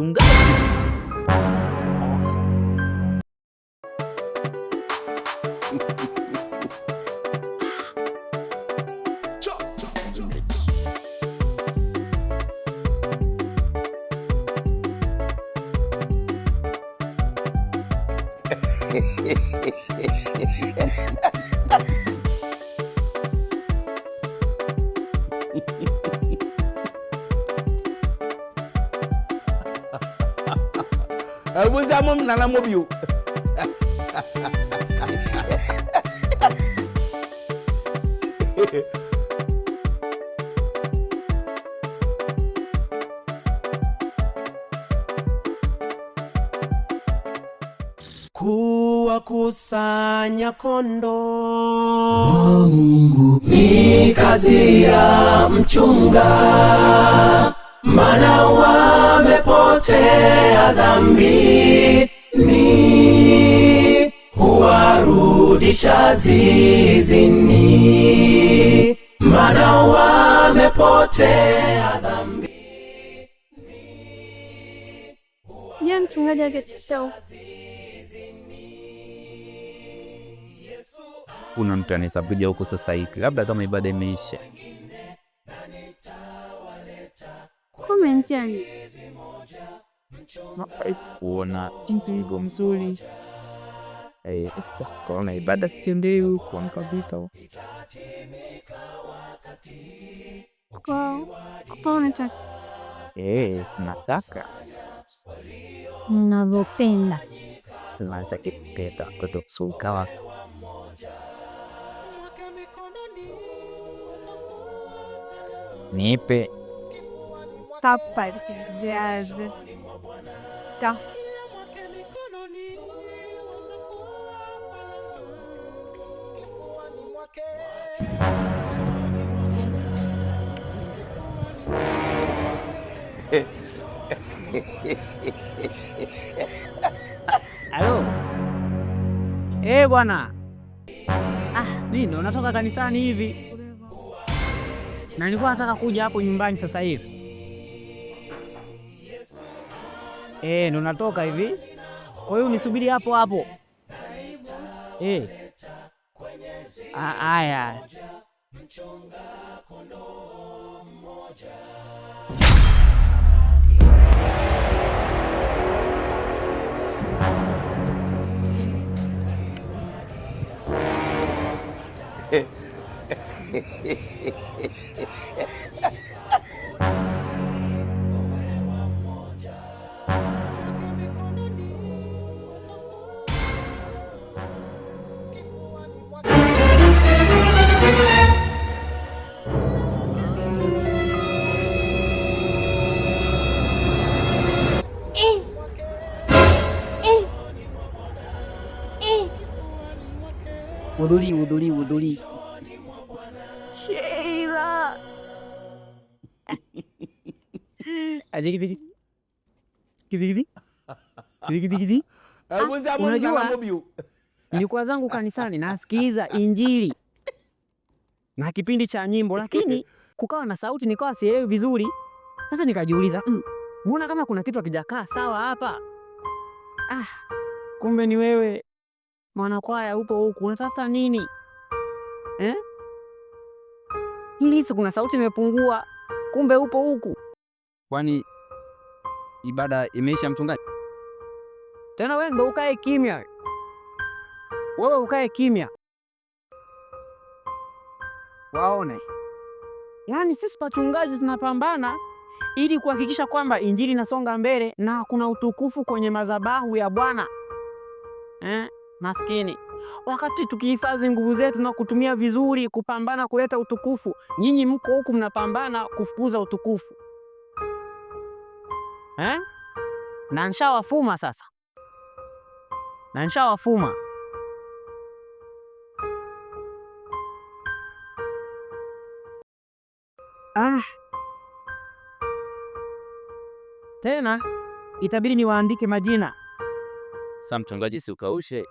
둥가 Hehehehe a mom, nana mo bio kuwakusanya kondo Mungu ni kazi ya mchunga mana wamepotea dhambini, huwarudisha zizini, mana wamepotea dhambini. Je, mchungaji akitisha kuna mtu anahesabuja huko sasa hivi, labda kama ibada imeisha kama nchi ya nje kuona jinsi ulivyo mzuri. Eh, sasa korona ibada sitembei huko nikapita kupona. Eh, nataka ninavyopenda sinaza kipenda kutosuka wako nipe top Tapari ziazi tafu Halo. Eh, bwana. Ah, nini unatoka kanisani hivi? Na nilikuwa nataka kuja hapo nyumbani sasa hivi. Eh, ndo natoka hivi. Kwa hiyo nisubiri hapo hapo. Eh. Ah, Aya. Udhuri, udhuri, udhuri. Sheila. Aje kidi kidi kidi kidi kidi kidi. Eh, Unajua nilikuwa zangu kanisani nasikiliza Injili na kipindi cha nyimbo, lakini kukawa na sauti nikawa sielewi vizuri. Sasa nikajiuliza mm, mbona kama kuna kitu hakijakaa sawa hapa. Ah, kumbe ni wewe. Mwanakwaya upo huku unatafuta nini eh? Nilihisi kuna sauti imepungua, kumbe upo huku. Kwani ibada imeisha, mchungaji? Tena wewe ndo ukae kimya, wewe ukae kimya, waone. Yaani sisi wachungaji tunapambana ili kuhakikisha kwamba injili inasonga mbele na kuna utukufu kwenye madhabahu ya Bwana eh? maskini. Wakati tukihifadhi nguvu zetu na kutumia vizuri kupambana kuleta utukufu, nyinyi mko huku mnapambana kufukuza utukufu eh? na nshawafuma sasa, na nshawafuma ah. Tena itabidi niwaandike majina. Sasa mchungaji, si ukaushe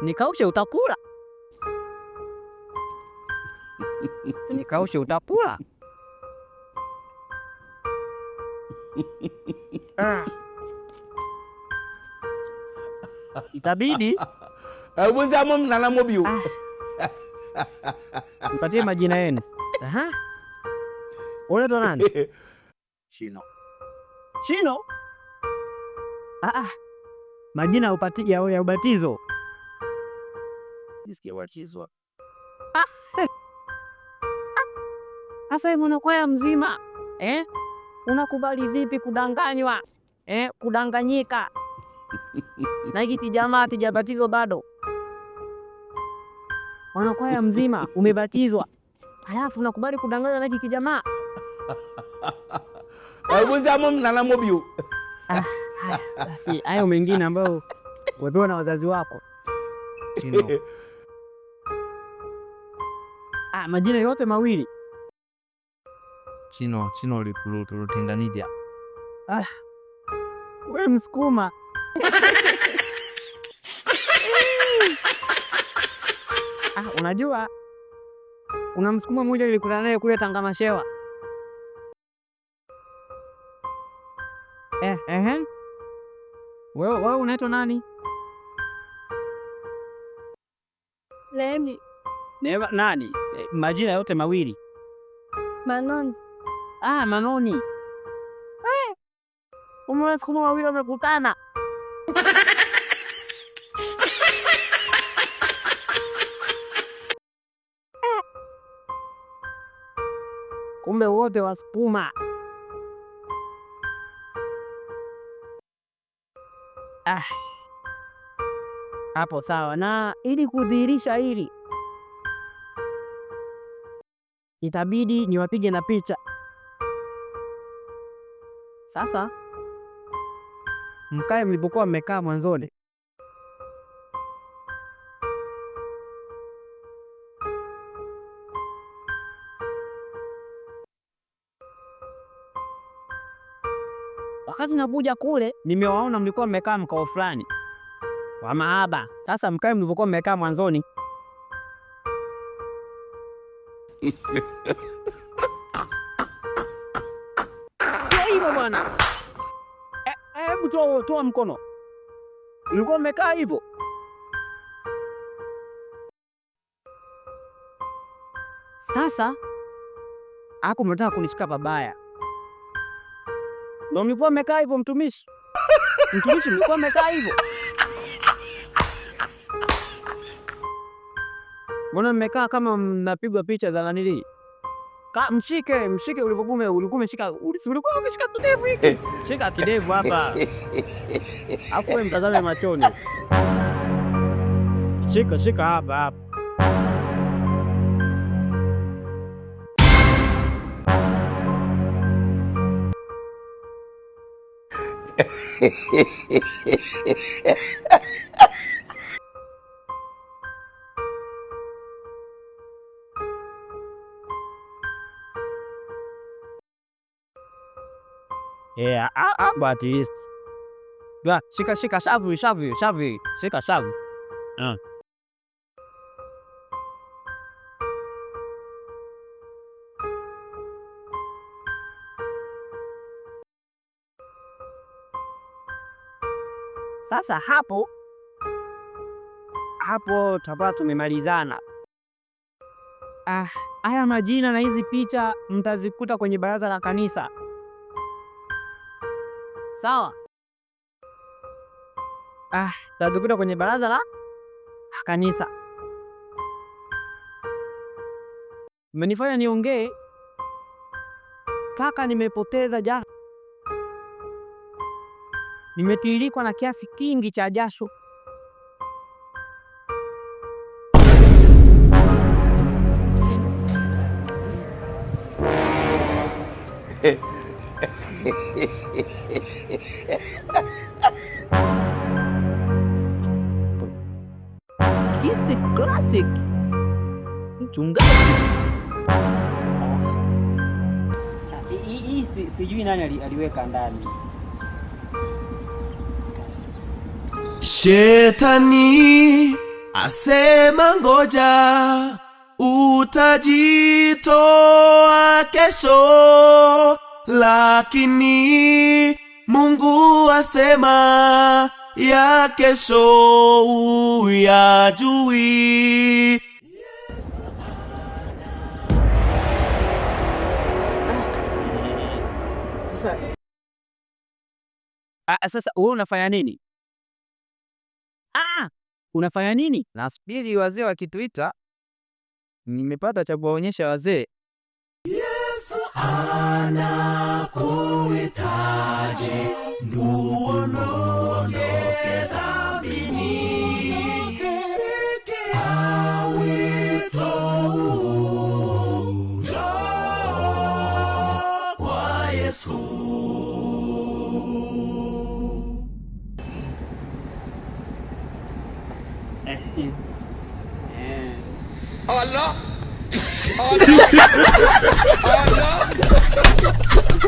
Nikaushe utakula, nikaushe utapula. Ah. Itabidi mwenzamo mlalamo bio. Mpatie majina yenu. Aha. Unaitwa nani? Chino. Chino? Majina ya ubatizo kujisikia kuachizwa. Ah, ah, sasa hivi unakuwa mzima eh? Unakubali vipi kudanganywa eh? Kudanganyika na hiki tijamaa tijabatizwa bado, unakuwa mzima umebatizwa, alafu unakubali kudanganywa na hiki kijamaa abuzamonanamobio ah, basi hayo mengine ambayo wepewa na wazazi wako Ah, majina yote mawili Chino, Chino lutenganija. Ah, we Msukuma ah, unajua una Msukuma mmoja nilikutana naye kule Tanga Mashewa eh, eh, wewe unaitwa nani? Lemi. Neema nani? Eh, majina yote mawili Manoni. Ah, Manoni. Hey, eh, umewasukuma wawili wamekutana. Eh. Kumbe wote wasukuma. Ah, hapo sawa. Na ili kudhihirisha hili itabidi niwapige na picha. Sasa mkae mlipokuwa mmekaa mwanzoni. Wakati nakuja kule, nimewaona mlikuwa mmekaa mkao fulani wa mahaba. Sasa mkae mlipokuwa mmekaa mwanzoni. Sio hivyo bwana, e, hebu toa toa mkono. Mlikuwa mmekaa hivyo sasa Aku mnataka kunishika babaya. Ndio mlikuwa mmekaa hivyo mtumishi. Mtumishi mlikuwa mmekaa hivyo. Mbona mmekaa kama mnapigwa picha za nanili? Ka, mshike mshike ulivogume ulikume shika, ulikuwa umeshika kidevu hiki. Eh. Shika kidevu hapa. Afu mtazame machoni. Shika shika hapa hapa. Yeah, ah, ah, but at least. Ba, shika shika shavu shavu shavu. Shika shavu. Ah. Sasa hapo hapo tapa tumemalizana. Ah, haya majina na hizi picha mtazikuta kwenye baraza la kanisa. Sawa. Ah, tutakwenda kwenye baraza la kanisa. Mmenifanya niongee mpaka nimepoteza jasho, nimetiririkwa na kiasi kingi cha jasho. Kisi Classic mchungaji ah, hii sijui nani aliweka ndani. Shetani asema ngoja utajitoa kesho, lakini Mungu asema ya kesho uyajui. Yes, ah, ah, sasa wewe unafanya nini? Ah, unafanya nini? Nasubiri wazee wakituita, nimepata cha kuwaonyesha wazee. anakuhitaji uondoke dhambini, sikia wito huu, njoo kwa Yesu. Allah Allah Allah